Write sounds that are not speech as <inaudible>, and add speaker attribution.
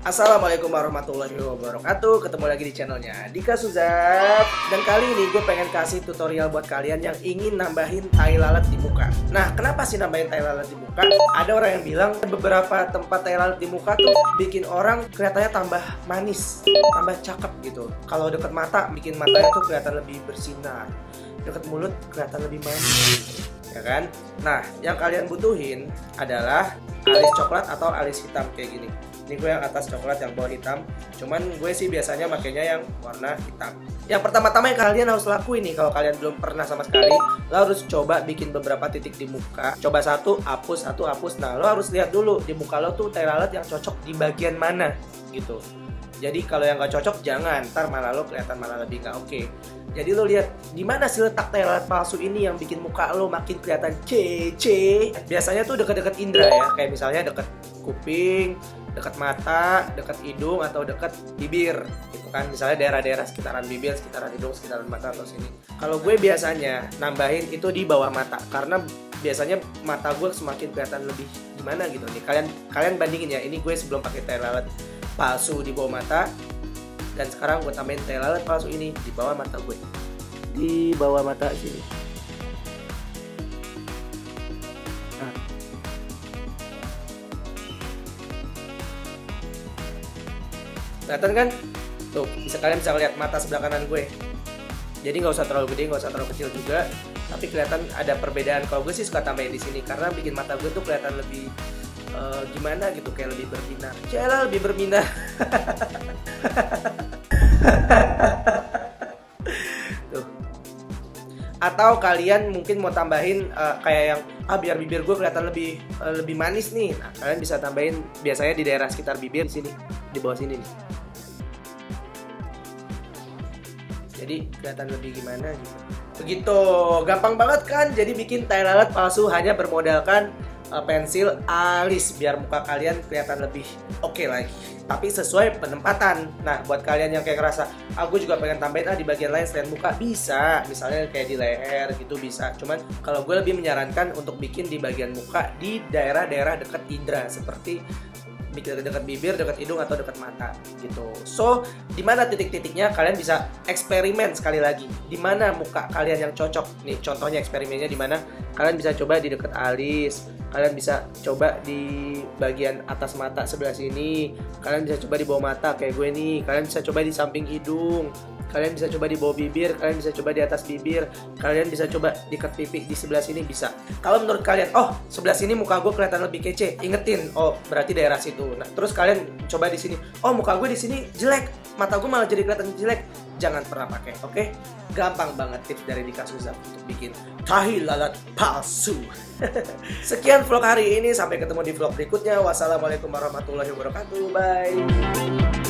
Speaker 1: Assalamualaikum warahmatullahi wabarakatuh Ketemu lagi di channelnya Dika Suzab Dan kali ini gue pengen kasih tutorial buat kalian yang ingin nambahin tai lalat di muka Nah kenapa sih nambahin tai lalat di muka? Ada orang yang bilang beberapa tempat tai lalat di muka tuh bikin orang kelihatannya tambah manis Tambah cakep gitu Kalau deket mata bikin matanya tuh kelihatan lebih bersinar Deket mulut kelihatan lebih manis ya kan? Nah, yang kalian butuhin adalah alis coklat atau alis hitam kayak gini ini gue yang atas coklat yang bawah hitam cuman gue sih biasanya makainya yang warna hitam yang pertama-tama yang kalian harus lakuin nih kalau kalian belum pernah sama sekali lo harus coba bikin beberapa titik di muka coba satu hapus satu hapus nah lo harus lihat dulu di muka lo tuh telalat yang cocok di bagian mana gitu jadi kalau yang gak cocok jangan, ntar malah lo kelihatan malah lebih nggak oke. Jadi lo lihat di mana sih letak telat palsu ini yang bikin muka lo makin kelihatan cece. Biasanya tuh deket-deket indra ya, kayak misalnya deket kuping, dekat mata, dekat hidung atau dekat bibir gitu kan misalnya daerah-daerah sekitaran bibir, sekitaran hidung, sekitaran mata atau sini. Kalau gue biasanya nambahin itu di bawah mata karena biasanya mata gue semakin kelihatan lebih gimana gitu nih. Kalian kalian bandingin ya, ini gue sebelum pakai teh palsu di bawah mata dan sekarang gue tambahin teh palsu ini di bawah mata gue. Di bawah mata sini kelihatan kan tuh bisa kalian bisa lihat mata sebelah kanan gue jadi nggak usah terlalu gede nggak usah terlalu kecil juga tapi kelihatan ada perbedaan kalau gue sih suka tambahin di sini karena bikin mata gue tuh kelihatan lebih uh, gimana gitu kayak lebih berminat Cela lebih berbinar <laughs> tuh atau kalian mungkin mau tambahin uh, kayak yang ah biar bibir gue kelihatan lebih uh, lebih manis nih nah kalian bisa tambahin biasanya di daerah sekitar bibir di sini di bawah sini nih jadi kelihatan lebih gimana gitu begitu gampang banget kan jadi bikin tai lalat palsu hanya bermodalkan uh, pensil alis biar muka kalian kelihatan lebih oke okay lagi tapi sesuai penempatan nah buat kalian yang kayak ngerasa aku ah, juga pengen tambahin ah di bagian lain selain muka bisa misalnya kayak di leher gitu bisa cuman kalau gue lebih menyarankan untuk bikin di bagian muka di daerah-daerah dekat indra seperti dekat bibir, dekat hidung atau dekat mata gitu. So, di mana titik-titiknya kalian bisa eksperimen sekali lagi. Di mana muka kalian yang cocok? Nih contohnya eksperimennya di mana kalian bisa coba di dekat alis, kalian bisa coba di bagian atas mata sebelah sini, kalian bisa coba di bawah mata kayak gue nih, kalian bisa coba di samping hidung, kalian bisa coba di bawah bibir, kalian bisa coba di atas bibir, kalian bisa coba di dekat pipi di sebelah sini bisa. Kalau menurut kalian, oh sebelah sini muka gue kelihatan lebih kece, ingetin, oh berarti daerah situ gitu nah terus kalian coba di sini oh muka gue di sini jelek mata gue malah jadi kelihatan jelek jangan pernah pakai oke okay? gampang banget tips dari Dika Suzan untuk bikin tahi lalat palsu <laughs> sekian vlog hari ini sampai ketemu di vlog berikutnya wassalamualaikum warahmatullahi wabarakatuh bye